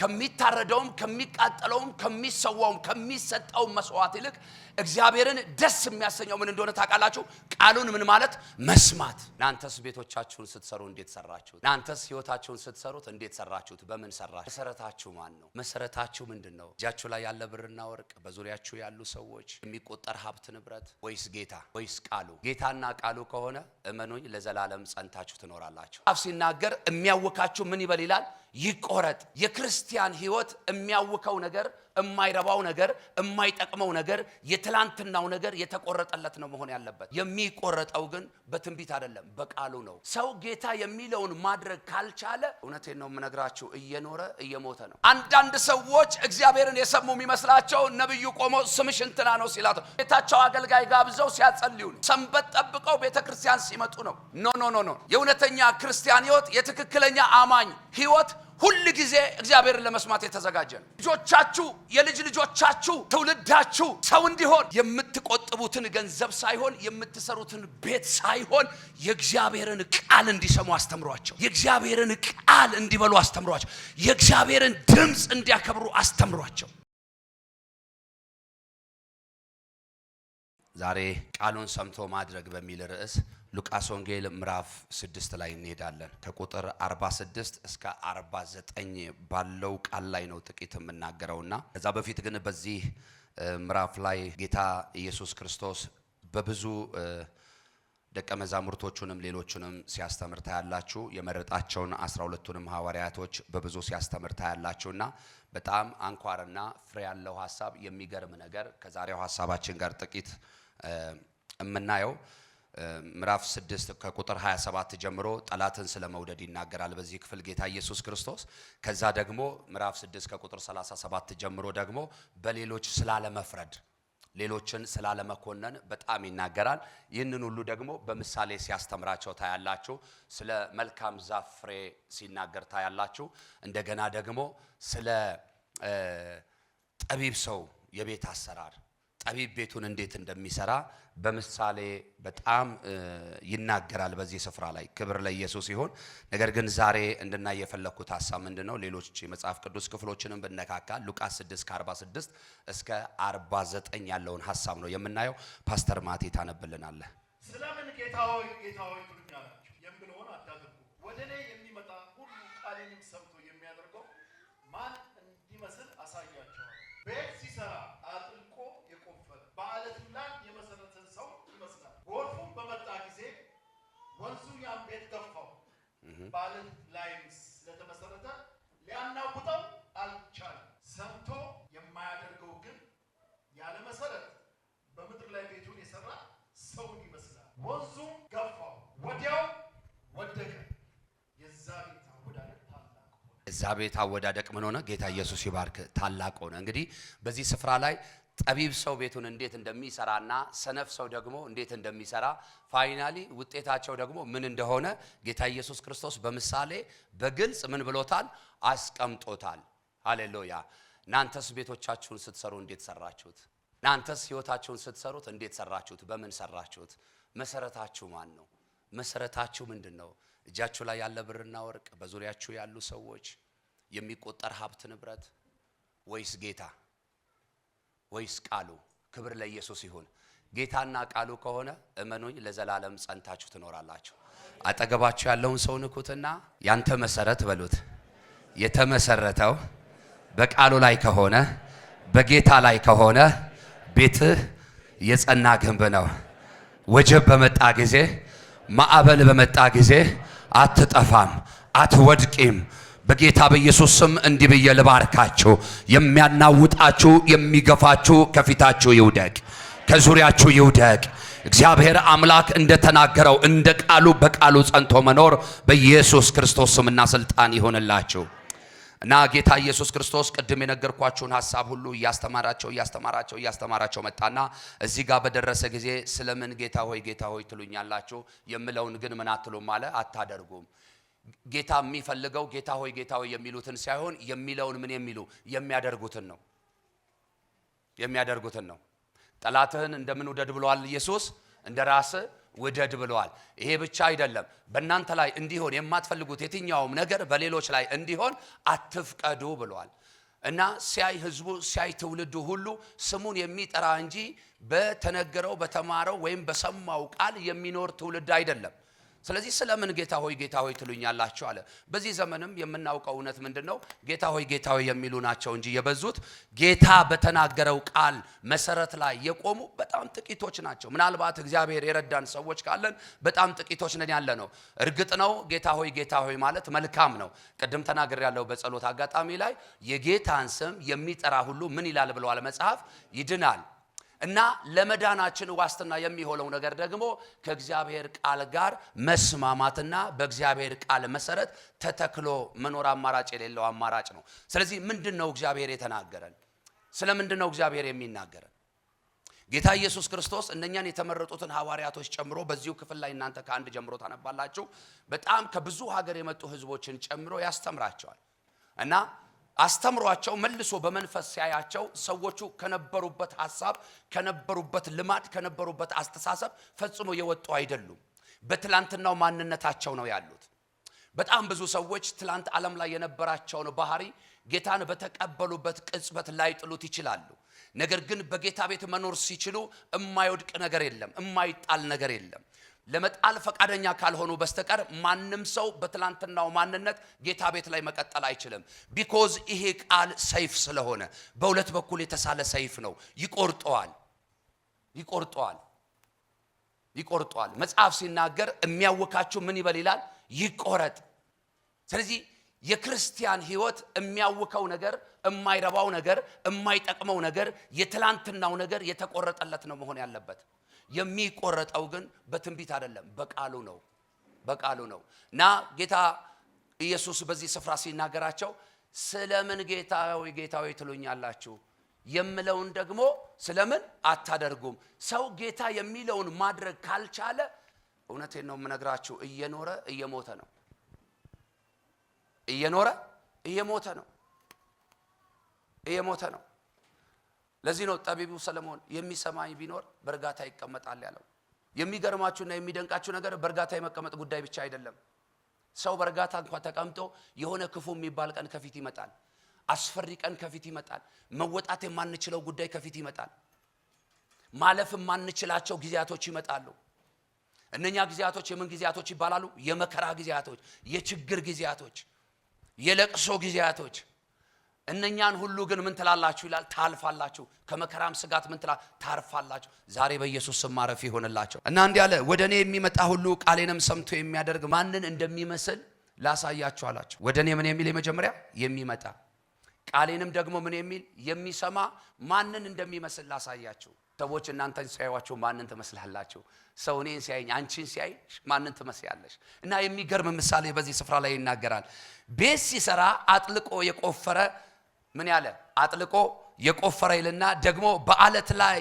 ከሚታረደውም ከሚቃጠለውም ከሚሰዋውም ከሚሰጠውም መስዋዕት ይልቅ እግዚአብሔርን ደስ የሚያሰኘው ምን እንደሆነ ታውቃላችሁ? ቃሉን ምን ማለት መስማት። እናንተስ ቤቶቻችሁን ስትሰሩ እንዴት ሰራችሁት? እናንተስ ህይወታችሁን ስትሰሩት እንዴት ሰራችሁት? በምን ሰራችሁ? መሰረታችሁ ማን ነው? መሰረታችሁ ምንድን ነው? እጃችሁ ላይ ያለ ብርና ወርቅ፣ በዙሪያችሁ ያሉ ሰዎች፣ የሚቆጠር ሀብት ንብረት፣ ወይስ ጌታ ወይስ ቃሉ? ጌታና ቃሉ ከሆነ እመኑኝ ለዘላለም ጸንታችሁ ትኖራላችሁ። አብ ሲናገር የሚያውካችሁ ምን ይበል ይላል ይቆረጥ። የክርስቲያን ህይወት የሚያውከው ነገር የማይረባው ነገር፣ የማይጠቅመው ነገር፣ የትላንትናው ነገር የተቆረጠለት ነው መሆን ያለበት። የሚቆረጠው ግን በትንቢት አይደለም፣ በቃሉ ነው። ሰው ጌታ የሚለውን ማድረግ ካልቻለ እውነቴን ነው የምነግራችሁ፣ እየኖረ እየሞተ ነው። አንዳንድ ሰዎች እግዚአብሔርን የሰሙ የሚመስላቸው ነቢዩ ቆሞ ስምሽ እንትና ነው ሲላት ቤታቸው አገልጋይ ጋብዘው ሲያጸልዩ ሰንበት ጠብቀው ቤተ ክርስቲያን ሲመጡ ነው። ኖ ኖ ኖ ኖ የእውነተኛ ክርስቲያን ህይወት የትክክለኛ አማኝ ህይወት ሁል ጊዜ እግዚአብሔርን ለመስማት የተዘጋጀ ነው። ልጆቻችሁ፣ የልጅ ልጆቻችሁ፣ ትውልዳችሁ ሰው እንዲሆን የምትቆጥቡትን ገንዘብ ሳይሆን የምትሰሩትን ቤት ሳይሆን የእግዚአብሔርን ቃል እንዲሰሙ አስተምሯቸው። የእግዚአብሔርን ቃል እንዲበሉ አስተምሯቸው። የእግዚአብሔርን ድምፅ እንዲያከብሩ አስተምሯቸው። ዛሬ ቃሉን ሰምቶ ማድረግ በሚል ርዕስ ሉቃስ ወንጌል ምዕራፍ 6 ላይ እንሄዳለን። ከቁጥር 46 እስከ 49 ባለው ቃል ላይ ነው ጥቂት የምናገረውና ከዛ በፊት ግን በዚህ ምዕራፍ ላይ ጌታ ኢየሱስ ክርስቶስ በብዙ ደቀ መዛሙርቶቹንም ሌሎቹንም ሲያስተምር ታያላችሁ። የመረጣቸውን አስራ ሁለቱንም ሐዋርያቶች በብዙ ሲያስተምር ታያላችሁና በጣም አንኳርና ፍሬ ያለው ሀሳብ የሚገርም ነገር ከዛሬው ሀሳባችን ጋር ጥቂት የምናየው ምዕራፍ 6 ከቁጥር 27 ጀምሮ ጠላትን ስለ መውደድ ይናገራል በዚህ ክፍል ጌታ ኢየሱስ ክርስቶስ። ከዛ ደግሞ ምዕራፍ 6 ከቁጥር 37 ጀምሮ ደግሞ በሌሎች ስላለመፍረድ ሌሎችን ስላለመኮነን በጣም ይናገራል። ይህንን ሁሉ ደግሞ በምሳሌ ሲያስተምራቸው ታያላችሁ። ስለ መልካም ዛፍ ፍሬ ሲናገር ታያላችሁ። እንደገና ደግሞ ስለ ጠቢብ ሰው የቤት አሰራር ጠቢብ ቤቱን እንዴት እንደሚሰራ በምሳሌ በጣም ይናገራል በዚህ ስፍራ ላይ። ክብር ለኢየሱስ ይሁን። ነገር ግን ዛሬ እንድናይ የፈለግኩት ሀሳብ ምንድን ነው? ሌሎች የመጽሐፍ ቅዱስ ክፍሎችንም ብነካካ ሉቃስ 6 ከ46 እስከ 49 ያለውን ሀሳብ ነው የምናየው። ፓስተር ማቲ ታነብልናለ። ስለምን ጌታ ሆይ ጌታ ሆይ ትሉኛላችሁ የምለውን አታደርጉ፣ ወደ እኔ የሚመጣ ሁሉ ቃሌንም ሰምቶ የሚያደርገው ማን እንዲመስል አሳያቸዋል። ቤት ሲሰራ ወንዙ ያን ቤት ገፋው። ባልን ላይ ስለተመሰረተ ሊያናውጠው አልቻለም። ሰምቶ የማያደርገው ግን ያለ መሰረት በምድር ላይ ቤቱን የሰራ ሰውን ይመስላል። ወንዙም ገፋው፣ ወዲያው ወደቀ። የዛ ቤት አወዳደቅ ታላቅ ሆነ። የዛ ቤት አወዳደቅ ምን ሆነ? ጌታ ኢየሱስ ይባርክ። ታላቅ ሆነ። እንግዲህ በዚህ ስፍራ ላይ ጠቢብ ሰው ቤቱን እንዴት እንደሚሰራና ሰነፍ ሰው ደግሞ እንዴት እንደሚሰራ ፋይናሊ ውጤታቸው ደግሞ ምን እንደሆነ ጌታ ኢየሱስ ክርስቶስ በምሳሌ በግልጽ ምን ብሎታል? አስቀምጦታል። ሃሌሉያ። እናንተስ ቤቶቻችሁን ስትሰሩ እንዴት ሰራችሁት? እናንተስ ህይወታችሁን ስትሰሩት እንዴት ሰራችሁት? በምን ሰራችሁት? መሰረታችሁ ማን ነው? መሰረታችሁ ምንድን ነው? እጃችሁ ላይ ያለ ብርና ወርቅ፣ በዙሪያችሁ ያሉ ሰዎች፣ የሚቆጠር ሀብት ንብረት ወይስ ጌታ ወይስ ቃሉ? ክብር ለኢየሱስ ይሁን። ጌታና ቃሉ ከሆነ እመኑኝ፣ ለዘላለም ጸንታችሁ ትኖራላችሁ። አጠገባችሁ ያለውን ሰው ንኩትና ያንተ መሰረት በሉት። የተመሰረተው በቃሉ ላይ ከሆነ በጌታ ላይ ከሆነ ቤትህ የጸና ግንብ ነው። ወጀብ በመጣ ጊዜ ማዕበል በመጣ ጊዜ አትጠፋም፣ አትወድቂም። በጌታ በኢየሱስ ስም እንዲህ ብዬ ልባርካችሁ። የሚያናውጣችሁ የሚገፋችሁ ከፊታችሁ ይውደቅ፣ ከዙሪያችሁ ይውደቅ። እግዚአብሔር አምላክ እንደተናገረው እንደ ቃሉ በቃሉ ጸንቶ መኖር በኢየሱስ ክርስቶስ ስምና ስልጣን ይሆንላችሁ እና ጌታ ኢየሱስ ክርስቶስ ቅድም የነገርኳችሁን ሀሳብ ሁሉ እያስተማራቸው እያስተማራቸው እያስተማራቸው መጣና እዚህ ጋር በደረሰ ጊዜ ስለምን ጌታ ሆይ ጌታ ሆይ ትሉኛላችሁ የምለውን ግን ምን አትሉም አለ አታደርጉም ጌታ የሚፈልገው ጌታ ሆይ ጌታ ሆይ የሚሉትን ሳይሆን የሚለውን ምን የሚሉ የሚያደርጉትን ነው የሚያደርጉትን ነው። ጠላትህን እንደምን ውደድ ብለዋል ኢየሱስ፣ እንደ ራስ ውደድ ብለዋል። ይሄ ብቻ አይደለም። በእናንተ ላይ እንዲሆን የማትፈልጉት የትኛውም ነገር በሌሎች ላይ እንዲሆን አትፍቀዱ ብለዋል። እና ሲያይ ህዝቡ ሲያይ ትውልዱ ሁሉ ስሙን የሚጠራ እንጂ በተነገረው በተማረው ወይም በሰማው ቃል የሚኖር ትውልድ አይደለም። ስለዚህ ስለምን ጌታ ሆይ ጌታ ሆይ ትሉኛላችሁ አለ። በዚህ ዘመንም የምናውቀው እውነት ምንድን ነው? ጌታ ሆይ ጌታ ሆይ የሚሉ ናቸው እንጂ የበዙት ጌታ በተናገረው ቃል መሰረት ላይ የቆሙ በጣም ጥቂቶች ናቸው። ምናልባት እግዚአብሔር የረዳን ሰዎች ካለን በጣም ጥቂቶች ነን ያለ ነው። እርግጥ ነው ጌታ ሆይ ጌታ ሆይ ማለት መልካም ነው። ቅድም ተናገር ያለው በጸሎት አጋጣሚ ላይ የጌታን ስም የሚጠራ ሁሉ ምን ይላል ብለዋል መጽሐፍ ይድናል እና ለመዳናችን ዋስትና የሚሆነው ነገር ደግሞ ከእግዚአብሔር ቃል ጋር መስማማትና በእግዚአብሔር ቃል መሰረት ተተክሎ መኖር አማራጭ የሌለው አማራጭ ነው። ስለዚህ ምንድን ነው እግዚአብሔር የተናገረን? ስለ ምንድን ነው እግዚአብሔር የሚናገረን? ጌታ ኢየሱስ ክርስቶስ እነኛን የተመረጡትን ሐዋርያቶች ጨምሮ በዚሁ ክፍል ላይ እናንተ ከአንድ ጀምሮ ታነባላችሁ። በጣም ከብዙ ሀገር የመጡ ህዝቦችን ጨምሮ ያስተምራቸዋል እና አስተምሯቸው መልሶ በመንፈስ ሲያያቸው ሰዎቹ ከነበሩበት ሀሳብ፣ ከነበሩበት ልማድ፣ ከነበሩበት አስተሳሰብ ፈጽሞ የወጡ አይደሉም። በትላንትናው ማንነታቸው ነው ያሉት። በጣም ብዙ ሰዎች ትላንት ዓለም ላይ የነበራቸውን ባህሪ ጌታን በተቀበሉበት ቅጽበት ላይ ጥሉት ይችላሉ። ነገር ግን በጌታ ቤት መኖር ሲችሉ እማይወድቅ ነገር የለም፣ እማይጣል ነገር የለም። ለመጣል ፈቃደኛ ካልሆኑ በስተቀር ማንም ሰው በትላንትናው ማንነት ጌታ ቤት ላይ መቀጠል አይችልም። ቢኮዝ ይሄ ቃል ሰይፍ ስለሆነ በሁለት በኩል የተሳለ ሰይፍ ነው። ይቆርጠዋል፣ ይቆርጠዋል፣ ይቆርጠዋል። መጽሐፍ ሲናገር የሚያውካችሁ ምን ይበል ይላል? ይቆረጥ። ስለዚህ የክርስቲያን ሕይወት የሚያውከው ነገር፣ የማይረባው ነገር፣ የማይጠቅመው ነገር፣ የትላንትናው ነገር የተቆረጠለት ነው መሆን ያለበት። የሚቆረጠው ግን በትንቢት አይደለም፣ በቃሉ ነው። በቃሉ ነው እና ጌታ ኢየሱስ በዚህ ስፍራ ሲናገራቸው ስለምን ጌታ ሆይ ጌታ ሆይ ትሉኛላችሁ የምለውን ደግሞ ስለምን አታደርጉም? ሰው ጌታ የሚለውን ማድረግ ካልቻለ እውነቴን ነው የምነግራችሁ፣ እየኖረ እየሞተ ነው። እየኖረ እየሞተ ነው። እየሞተ ነው። ለዚህ ነው ጠቢቡ ሰለሞን የሚሰማኝ ቢኖር በእርጋታ ይቀመጣል ያለው። የሚገርማችሁና የሚደንቃችሁ ነገር በእርጋታ የመቀመጥ ጉዳይ ብቻ አይደለም። ሰው በእርጋታ እንኳ ተቀምጦ የሆነ ክፉ የሚባል ቀን ከፊት ይመጣል። አስፈሪ ቀን ከፊት ይመጣል። መወጣት የማንችለው ጉዳይ ከፊት ይመጣል። ማለፍ የማንችላቸው ጊዜያቶች ይመጣሉ። እነኛ ጊዜያቶች የምን ጊዜያቶች ይባላሉ? የመከራ ጊዜያቶች፣ የችግር ጊዜያቶች፣ የለቅሶ ጊዜያቶች እነኛን ሁሉ ግን ምን ትላላችሁ ይላል፣ ታልፋላችሁ። ከመከራም ስጋት ምን ትላ ታርፋላችሁ። ዛሬ በኢየሱስ ስም ማረፍ ይሆንላቸው እና እንዲህ አለ፣ ወደ እኔ የሚመጣ ሁሉ ቃሌንም ሰምቶ የሚያደርግ ማንን እንደሚመስል ላሳያችሁ አላቸው። ወደ እኔ ምን የሚል የመጀመሪያ የሚመጣ ቃሌንም ደግሞ ምን የሚል የሚሰማ ማንን እንደሚመስል ላሳያችሁ። ሰዎች እናንተን ሲያዩዋችሁ ማንን ትመስላላችሁ? ሰው እኔን ሲያይኝ አንቺን ሲያይ ማንን ትመስያለሽ? እና የሚገርም ምሳሌ በዚህ ስፍራ ላይ ይናገራል። ቤት ሲሰራ አጥልቆ የቆፈረ ምን ያለ አጥልቆ የቆፈረ ይልና ደግሞ በአለት ላይ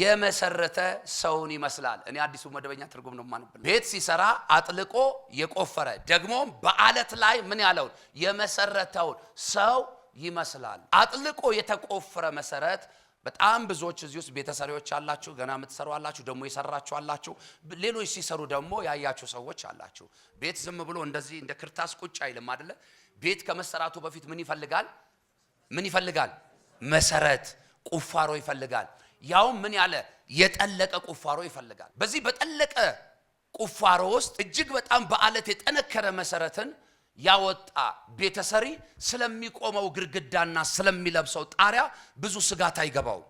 የመሰረተ ሰውን ይመስላል። እኔ አዲሱ መደበኛ ትርጉም ነው ማንብ። ቤት ሲሰራ አጥልቆ የቆፈረ ደግሞም በአለት ላይ ምን ያለውን የመሰረተውን ሰው ይመስላል። አጥልቆ የተቆፈረ መሰረት በጣም ብዙዎች እዚህ ውስጥ ቤተሰሪዎች አላችሁ፣ ገና የምትሰሩ አላችሁ፣ ደግሞ የሰራችሁ አላችሁ፣ ሌሎች ሲሰሩ ደግሞ ያያችሁ ሰዎች አላችሁ። ቤት ዝም ብሎ እንደዚህ እንደ ክርታስ ቁጭ አይልም አደለ? ቤት ከመሰራቱ በፊት ምን ይፈልጋል? ምን ይፈልጋል? መሰረት ቁፋሮ ይፈልጋል። ያውም ምን ያለ የጠለቀ ቁፋሮ ይፈልጋል። በዚህ በጠለቀ ቁፋሮ ውስጥ እጅግ በጣም በአለት የጠነከረ መሰረትን ያወጣ ቤተሰሪ ስለሚቆመው ግድግዳና ስለሚለብሰው ጣሪያ ብዙ ስጋት አይገባው።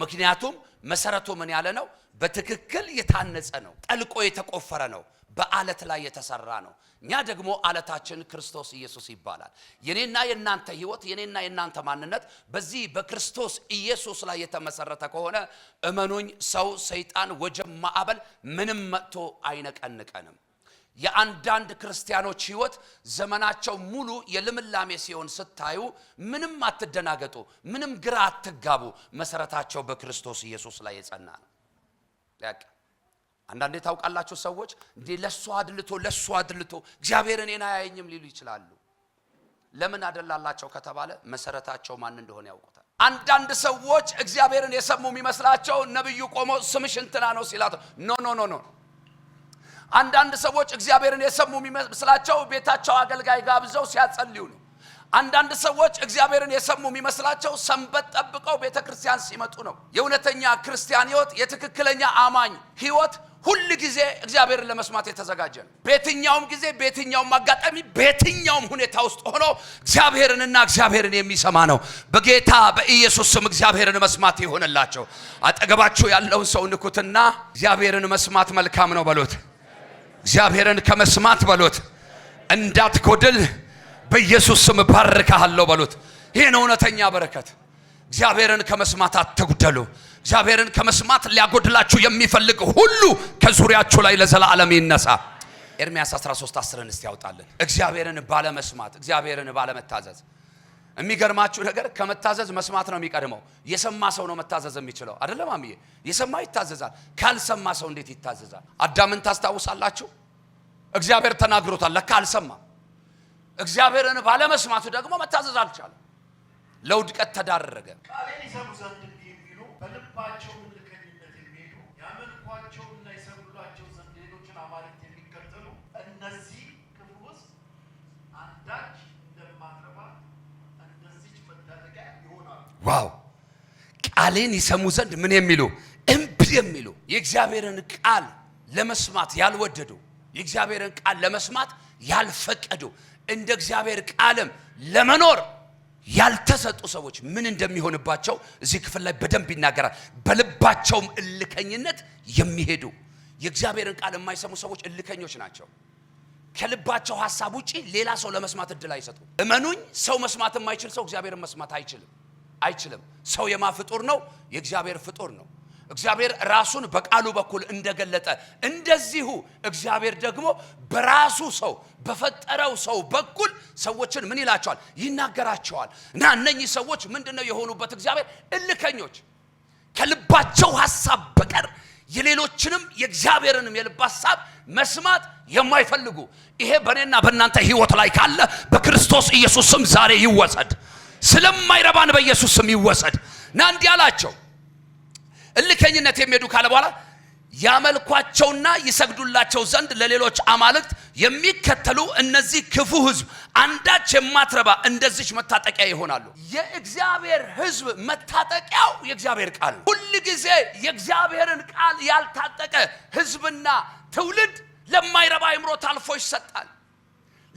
ምክንያቱም መሰረቱ ምን ያለ ነው? በትክክል የታነጸ ነው፣ ጠልቆ የተቆፈረ ነው፣ በአለት ላይ የተሰራ ነው። እኛ ደግሞ አለታችን ክርስቶስ ኢየሱስ ይባላል። የኔና የእናንተ ህይወት፣ የኔና የእናንተ ማንነት በዚህ በክርስቶስ ኢየሱስ ላይ የተመሰረተ ከሆነ እመኑኝ፣ ሰው፣ ሰይጣን፣ ወጀብ፣ ማዕበል ምንም መጥቶ አይነቀንቀንም። የአንዳንድ ክርስቲያኖች ህይወት ዘመናቸው ሙሉ የልምላሜ ሲሆን ስታዩ ምንም አትደናገጡ፣ ምንም ግራ አትጋቡ። መሰረታቸው በክርስቶስ ኢየሱስ ላይ የጸና ነው። አንዳንዴ ታውቃላችሁ ሰዎች እንዲ ለሱ አድልቶ ለሱ አድልቶ እግዚአብሔር እኔን አያየኝም ሊሉ ይችላሉ። ለምን አደላላቸው ከተባለ መሰረታቸው ማን እንደሆነ ያውቁታል። አንዳንድ ሰዎች እግዚአብሔርን የሰሙ የሚመስላቸው ነቢዩ ቆሞ ስምሽ እንትና ነው ሲላት ኖ ኖ ኖ ኖ። አንዳንድ ሰዎች እግዚአብሔርን የሰሙ የሚመስላቸው ቤታቸው አገልጋይ ጋብዘው ሲያጸልዩ ነው። አንዳንድ ሰዎች እግዚአብሔርን የሰሙ የሚመስላቸው ሰንበት ጠብቀው ቤተ ክርስቲያን ሲመጡ ነው። የእውነተኛ ክርስቲያን ህይወት፣ የትክክለኛ አማኝ ህይወት ሁል ጊዜ እግዚአብሔርን ለመስማት የተዘጋጀ ነው። በየትኛውም ጊዜ፣ በየትኛውም አጋጣሚ፣ በየትኛውም ሁኔታ ውስጥ ሆኖ እግዚአብሔርንና እግዚአብሔርን የሚሰማ ነው። በጌታ በኢየሱስ ስም እግዚአብሔርን መስማት ይሆንላቸው። አጠገባችሁ ያለውን ሰው ንኩትና እግዚአብሔርን መስማት መልካም ነው በሎት። እግዚአብሔርን ከመስማት በሎት እንዳትጎድል በኢየሱስ ስም ባርካለሁ በሉት። ይህን እውነተኛ በረከት እግዚአብሔርን ከመስማት አትጉደሉ። እግዚአብሔርን ከመስማት ሊያጎድላችሁ የሚፈልግ ሁሉ ከዙሪያችሁ ላይ ለዘላለም ይነሳ። ኤርምያስ 13 10ን እስቲ ያውጣልን። እግዚአብሔርን ባለመስማት፣ እግዚአብሔርን ባለመታዘዝ። የሚገርማችሁ ነገር ከመታዘዝ መስማት ነው የሚቀድመው። የሰማ ሰው ነው መታዘዝ የሚችለው አይደለም? አምዬ የሰማ ይታዘዛል። ካልሰማ ሰው እንዴት ይታዘዛል? አዳምን ታስታውሳላችሁ? እግዚአብሔር ተናግሮታል፣ ለካ እግዚአብሔርን ባለመስማቱ ደግሞ መታዘዝ አልቻለም። ለውድቀት ተዳረገ። ቃሌን ይሰሙ ዘንድ የሚሉ በልባቸው ምልከኝነት የሚሄዱ ያመልኳቸውና ይሰግዱላቸው ዘንድ ሌሎችን አማልክት የሚከተሉ እነዚህ ውስጥ አንዳች እንደማትረባ ይሆናሉ። ዋው! ቃሌን ይሰሙ ዘንድ ምን የሚሉ እምብ የሚሉ የእግዚአብሔርን ቃል ለመስማት ያልወደዱ የእግዚአብሔርን ቃል ለመስማት ያልፈቀዱ እንደ እግዚአብሔር ቃልም ለመኖር ያልተሰጡ ሰዎች ምን እንደሚሆንባቸው እዚህ ክፍል ላይ በደንብ ይናገራል። በልባቸውም እልከኝነት የሚሄዱ የእግዚአብሔርን ቃል የማይሰሙ ሰዎች እልከኞች ናቸው። ከልባቸው ሀሳብ ውጪ ሌላ ሰው ለመስማት እድል አይሰጡ። እመኑኝ፣ ሰው መስማት የማይችል ሰው እግዚአብሔርን መስማት አይችልም አይችልም። ሰው የማ ፍጡር ነው? የእግዚአብሔር ፍጡር ነው። እግዚአብሔር ራሱን በቃሉ በኩል እንደገለጠ እንደዚሁ እግዚአብሔር ደግሞ በራሱ ሰው በፈጠረው ሰው በኩል ሰዎችን ምን ይላቸዋል? ይናገራቸዋል። እና እነኚህ ሰዎች ምንድን ነው የሆኑበት? እግዚአብሔር እልከኞች ከልባቸው ሀሳብ በቀር የሌሎችንም የእግዚአብሔርንም የልብ ሀሳብ መስማት የማይፈልጉ ይሄ በእኔና በእናንተ ህይወት ላይ ካለ በክርስቶስ ኢየሱስ ስም ዛሬ ይወሰድ። ስለማይረባን በኢየሱስ ስም ይወሰድ እና እንዲህ አላቸው እልከኝነት የሚሄዱ ካለ በኋላ ያመልኳቸውና ይሰግዱላቸው ዘንድ ለሌሎች አማልክት የሚከተሉ እነዚህ ክፉ ህዝብ አንዳች የማትረባ እንደዚች መታጠቂያ ይሆናሉ። የእግዚአብሔር ህዝብ መታጠቂያው የእግዚአብሔር ቃል ሁል ጊዜ የእግዚአብሔርን ቃል ያልታጠቀ ህዝብና ትውልድ ለማይረባ አይምሮ ታልፎ ይሰጣል።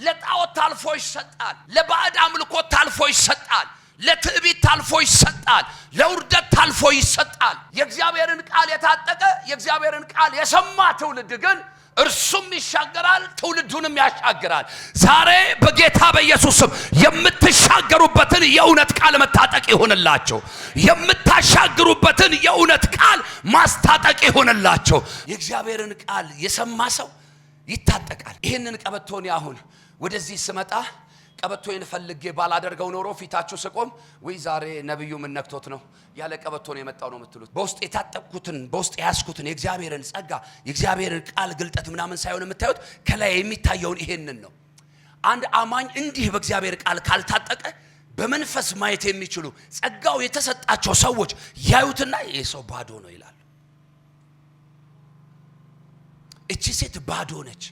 ለጣዖት ታልፎ ይሰጣል። ለባዕድ አምልኮ ታልፎ ይሰጣል። ለትዕቢት ታልፎ ይሰጣል። ለውርደት ታልፎ ይሰጣል። የእግዚአብሔርን ቃል የታጠቀ የእግዚአብሔርን ቃል የሰማ ትውልድ ግን እርሱም ይሻገራል፣ ትውልዱንም ያሻግራል። ዛሬ በጌታ በኢየሱስም የምትሻገሩበትን የእውነት ቃል መታጠቅ ይሆንላቸው። የምታሻግሩበትን የእውነት ቃል ማስታጠቅ ይሆንላቸው። የእግዚአብሔርን ቃል የሰማ ሰው ይታጠቃል። ይህንን ቀበቶን አሁን ወደዚህ ስመጣ ቀበቶዬን ፈልጌ ባላደርገው ኖሮ ፊታችሁ ስቆም ወይ ዛሬ ነቢዩ ምን ነክቶት ነው ያለ ቀበቶ ነው የመጣው ነው የምትሉት። በውስጥ የታጠቅኩትን በውስጥ የያዝኩትን የእግዚአብሔርን ጸጋ የእግዚአብሔርን ቃል ግልጠት ምናምን ሳይሆን የምታዩት ከላይ የሚታየውን ይሄንን ነው። አንድ አማኝ እንዲህ በእግዚአብሔር ቃል ካልታጠቀ በመንፈስ ማየት የሚችሉ ጸጋው የተሰጣቸው ሰዎች ያዩትና ይሄ ሰው ባዶ ነው ይላሉ። እቺ ሴት ባዶ ነች።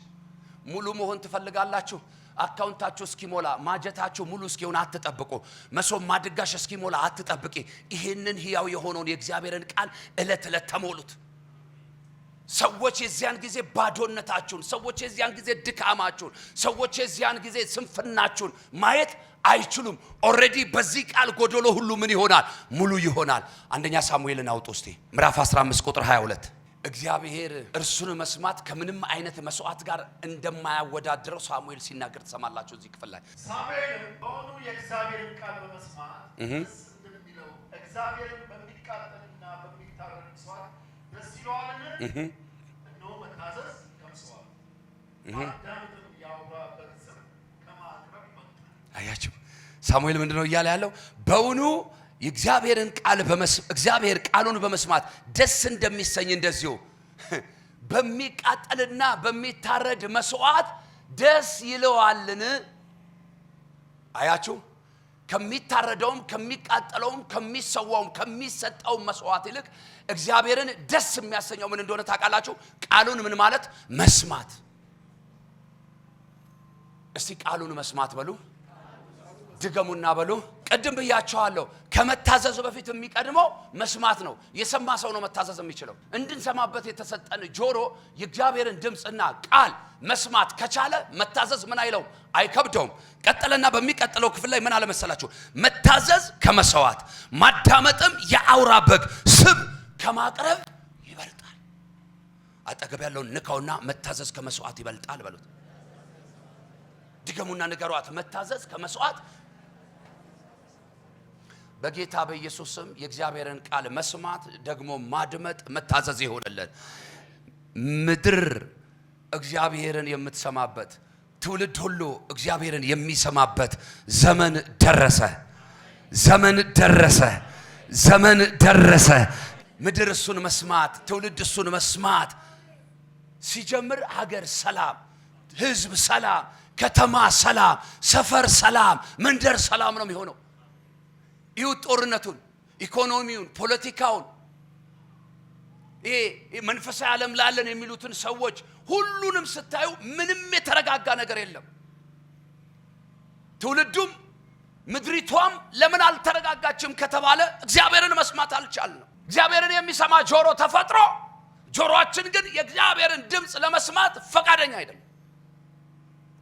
ሙሉ መሆን ትፈልጋላችሁ? አካውንታችሁ እስኪሞላ ማጀታችሁ ሙሉ እስኪሆን አትጠብቁ። መሶብ ማድጋሽ እስኪሞላ አትጠብቂ። ይህንን ህያው የሆነውን የእግዚአብሔርን ቃል እለት እለት ተሞሉት። ሰዎች የዚያን ጊዜ ባዶነታችሁን፣ ሰዎች የዚያን ጊዜ ድካማችሁን፣ ሰዎች የዚያን ጊዜ ስንፍናችሁን ማየት አይችሉም። ኦልሬዲ በዚህ ቃል ጎዶሎ ሁሉ ምን ይሆናል? ሙሉ ይሆናል። አንደኛ ሳሙኤልን አውጡ እስቲ ምዕራፍ 15 ቁጥር 22 እግዚአብሔር እርሱን መስማት ከምንም አይነት መስዋዕት ጋር እንደማያወዳድረው ሳሙኤል ሲናገር ትሰማላችሁ። እዚህ ክፍል ላይ ሳሙኤል በሆኑ የእግዚአብሔርን ቃል በመስማት ደስ እንደሚለው እግዚአብሔርን በሚቃጠልና በሚታረድ መስዋዕት ደስ ይለዋልን? እነሆ መታዘዝ ከምስዋዕት ማዳመጥም ያውራበት ዝም ከማቅረብ መጣ። አያችሁ፣ ሳሙኤል ምንድነው እያለ ያለው በውኑ የእግዚአብሔርን ቃል እግዚአብሔር ቃሉን በመስማት ደስ እንደሚሰኝ እንደዚሁ በሚቃጠልና በሚታረድ መስዋዕት ደስ ይለዋልን? አያችሁ፣ ከሚታረደውም ከሚቃጠለውም ከሚሰዋውም ከሚሰጠውም መስዋዕት ይልቅ እግዚአብሔርን ደስ የሚያሰኘው ምን እንደሆነ ታውቃላችሁ? ቃሉን ምን ማለት መስማት። እስቲ ቃሉን መስማት በሉ፣ ድገሙና በሉ ቅድም ብያቸዋለሁ። ከመታዘዙ በፊት የሚቀድመው መስማት ነው። የሰማ ሰው ነው መታዘዝ የሚችለው። እንድንሰማበት የተሰጠን ጆሮ የእግዚአብሔርን ድምፅና ቃል መስማት ከቻለ መታዘዝ ምን አይለው አይከብደውም። ቀጠለና በሚቀጥለው ክፍል ላይ ምን አለመሰላችሁ? መታዘዝ ከመሰዋት ማዳመጥም የአውራ በግ ስብ ከማቅረብ ይበልጣል። አጠገብ ያለውን ንካውና መታዘዝ ከመስዋዕት ይበልጣል በሉት። ድገሙና ንገሯት። መታዘዝ ከመስዋዕት በጌታ በኢየሱስ ስም የእግዚአብሔርን ቃል መስማት ደግሞ ማድመጥ መታዘዝ ይሆንልን። ምድር እግዚአብሔርን የምትሰማበት ትውልድ ሁሉ እግዚአብሔርን የሚሰማበት ዘመን ደረሰ። ዘመን ደረሰ። ዘመን ደረሰ። ምድር እሱን መስማት፣ ትውልድ እሱን መስማት ሲጀምር ሀገር ሰላም፣ ህዝብ ሰላም፣ ከተማ ሰላም፣ ሰፈር ሰላም፣ መንደር ሰላም ነው የሚሆነው። ይሁት ጦርነቱን፣ ኢኮኖሚውን፣ ፖለቲካውን ይሄ መንፈሳዊ ዓለም ላለን የሚሉትን ሰዎች ሁሉንም ስታዩ ምንም የተረጋጋ ነገር የለም። ትውልዱም ምድሪቷም ለምን አልተረጋጋችም ከተባለ እግዚአብሔርን መስማት አልቻልንም። እግዚአብሔርን የሚሰማ ጆሮ ተፈጥሮ ጆሮአችን ግን የእግዚአብሔርን ድምፅ ለመስማት ፈቃደኛ አይደለም።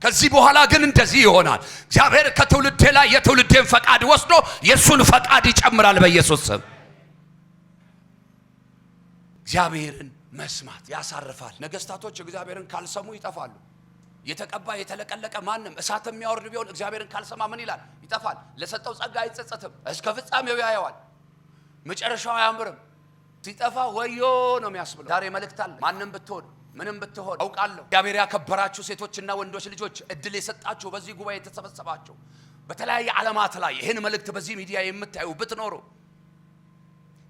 ከዚህ በኋላ ግን እንደዚህ ይሆናል። እግዚአብሔር ከትውልዴ ላይ የትውልዴን ፈቃድ ወስዶ የእሱን ፈቃድ ይጨምራል። በኢየሱስ ስም እግዚአብሔርን መስማት ያሳርፋል። ነገስታቶች እግዚአብሔርን ካልሰሙ ይጠፋሉ። የተቀባ የተለቀለቀ ማንም እሳት የሚያወርድ ቢሆን እግዚአብሔርን ካልሰማ ምን ይላል? ይጠፋል። ለሰጠው ጸጋ አይጸጸትም። እስከ ፍጻሜው ያየዋል። መጨረሻው አያምርም። ሲጠፋ ወዮ ነው የሚያስብለው። ዛሬ መልእክት አለ። ማንም ብትሆን ምንም ብትሆን አውቃለሁ። እግዚአብሔር ያከበራችሁ ሴቶችና ወንዶች ልጆች እድል የሰጣችሁ በዚህ ጉባኤ የተሰበሰባችሁ በተለያየ ዓለማት ላይ ይህን መልእክት በዚህ ሚዲያ የምታዩ ብትኖሩ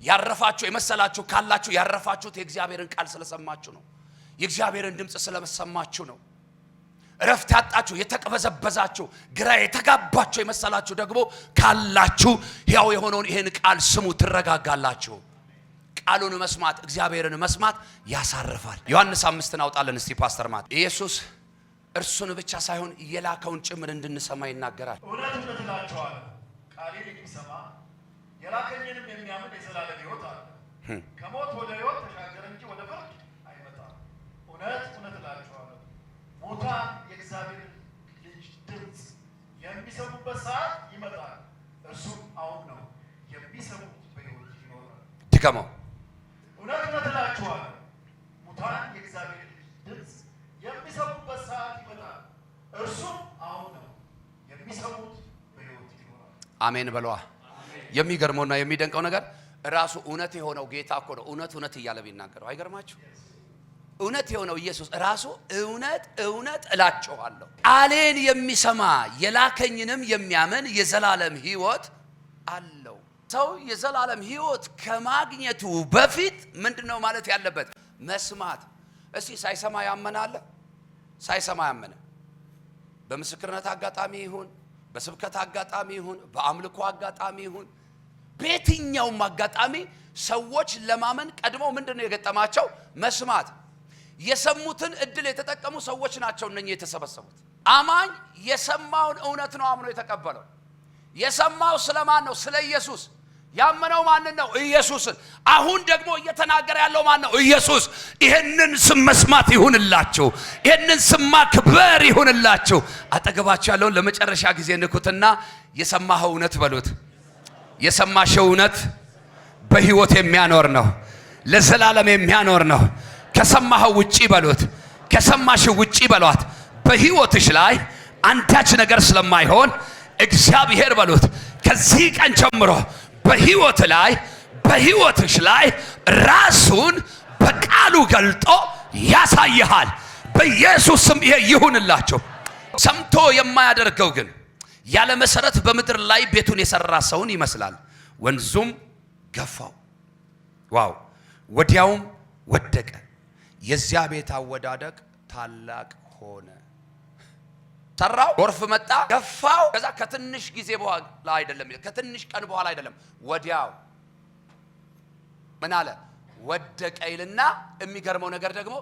ያረፋችሁ የመሰላችሁ ካላችሁ ያረፋችሁት የእግዚአብሔርን ቃል ስለሰማችሁ ነው። የእግዚአብሔርን ድምፅ ስለሰማችሁ ነው። እረፍት ያጣችሁ የተቀበዘበዛችሁ፣ ግራ የተጋባችሁ የመሰላችሁ ደግሞ ካላችሁ ሕያው የሆነውን ይህን ቃል ስሙ፣ ትረጋጋላችሁ። ቃሉን መስማት እግዚአብሔርን መስማት ያሳርፋል። ዮሐንስ አምስትን አውጣለን እስቲ ፓስተር ማት ኢየሱስ እርሱን ብቻ ሳይሆን የላከውን ጭምር እንድንሰማ ይናገራል። እውነት እውነት እላችኋለሁ ቃሌን የሚሰማ የላከኝንም የሚያምን የዘላለም ሕይወት አለ፣ ከሞት ወደ ሕይወት ተሻገረ እንጂ ወደ ፍርድ አይመጣም። እውነት እውነት እላችኋለሁ ሙታን የእግዚአብሔር ልጅ ድምፅ የሚሰሙበት ሰዓት ይመጣል፣ እርሱም አሁን ነው። የሚሰሙት በሕይወት ይኖራል። ድከመው አሜን በለዋ። የሚገርመውና የሚደንቀው ነገር ራሱ እውነት የሆነው ጌታ እኮ ነው እውነት እውነት እያለ ቢናገረው አይገርማችሁ? እውነት የሆነው ኢየሱስ ራሱ እውነት እውነት እላችኋለሁ ቃሌን የሚሰማ የላከኝንም የሚያምን የዘላለም ሕይወት አለው። ሰው የዘላለም ሕይወት ከማግኘቱ በፊት ምንድን ነው ማለት ያለበት? መስማት። እስቲ ሳይሰማ ያመናለ ሳይሰማ ያመነ በምስክርነት አጋጣሚ ይሁን በስብከት አጋጣሚ ይሁን በአምልኮ አጋጣሚ ይሁን በየትኛውም አጋጣሚ ሰዎች ለማመን ቀድመው ምንድን ነው የገጠማቸው? መስማት። የሰሙትን እድል የተጠቀሙ ሰዎች ናቸው እነኚህ የተሰበሰቡት። አማኝ የሰማውን እውነት ነው አምኖ የተቀበለው። የሰማው ስለማን ነው? ስለ ኢየሱስ ያመነው ማንን ነው? ኢየሱስን። አሁን ደግሞ እየተናገረ ያለው ማን ነው? ኢየሱስ። ይህንን ስም መስማት ይሁንላችሁ፣ ይህንን ስም ማክበር ይሁንላችሁ። አጠገባችሁ ያለውን ለመጨረሻ ጊዜ ንኩትና የሰማኸው እውነት በሉት። የሰማሽው እውነት በህይወት የሚያኖር ነው፣ ለዘላለም የሚያኖር ነው። ከሰማኸው ውጪ በሉት፣ ከሰማሽው ውጪ በሏት። በህይወትሽ ላይ አንዳች ነገር ስለማይሆን እግዚአብሔር በሉት ከዚህ ቀን ጀምሮ በህይወት ላይ በህይወትሽ ላይ ራሱን በቃሉ ገልጦ ያሳይሃል። በኢየሱስ ስም ይሄ ይሁንላቸው። ሰምቶ የማያደርገው ግን ያለ መሰረት በምድር ላይ ቤቱን የሰራ ሰውን ይመስላል። ወንዙም ገፋው፣ ዋው! ወዲያውም ወደቀ። የዚያ ቤት አወዳደቅ ታላቅ ሆነ። ሰራው፣ ጎርፍ መጣ፣ ገፋው። ከዛ ከትንሽ ጊዜ በኋላ አይደለም፣ ከትንሽ ቀን በኋላ አይደለም፣ ወዲያው ምን አለ ወደቀ ይልና፣ የሚገርመው ነገር ደግሞ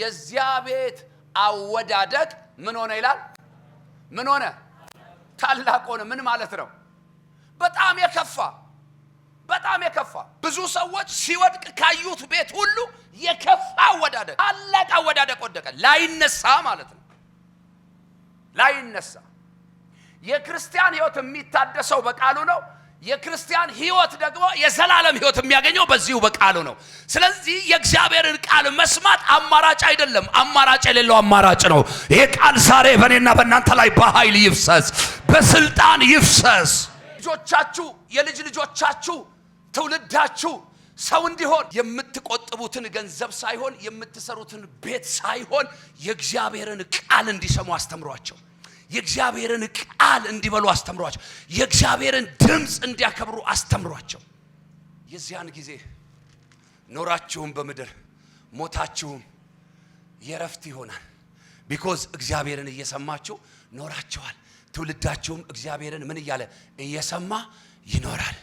የዚያ ቤት አወዳደቅ ምን ሆነ ይላል። ምን ሆነ? ታላቅ ሆነ። ምን ማለት ነው? በጣም የከፋ በጣም የከፋ ብዙ ሰዎች ሲወድቅ ካዩት ቤት ሁሉ የከፋ አወዳደቅ፣ ታላቅ አወዳደቅ ወደቀ፣ ላይነሳ ማለት ነው። ላይነሳ። የክርስቲያን ህይወት የሚታደሰው በቃሉ ነው። የክርስቲያን ህይወት ደግሞ የዘላለም ህይወት የሚያገኘው በዚሁ በቃሉ ነው። ስለዚህ የእግዚአብሔርን ቃል መስማት አማራጭ አይደለም፣ አማራጭ የሌለው አማራጭ ነው። ይሄ ቃል ዛሬ በእኔና በእናንተ ላይ በኃይል ይፍሰስ፣ በስልጣን ይፍሰስ። ልጆቻችሁ፣ የልጅ ልጆቻችሁ፣ ትውልዳችሁ ሰው እንዲሆን የምትቆጥቡትን ገንዘብ ሳይሆን የምትሰሩትን ቤት ሳይሆን የእግዚአብሔርን ቃል እንዲሰሙ አስተምሯቸው። የእግዚአብሔርን ቃል እንዲበሉ አስተምሯቸው። የእግዚአብሔርን ድምፅ እንዲያከብሩ አስተምሯቸው። የዚያን ጊዜ ኖራችሁም በምድር ሞታችሁም የረፍት ይሆናል። ቢኮዝ እግዚአብሔርን እየሰማችሁ ኖራችኋል። ትውልዳችሁም እግዚአብሔርን ምን እያለ እየሰማ ይኖራል።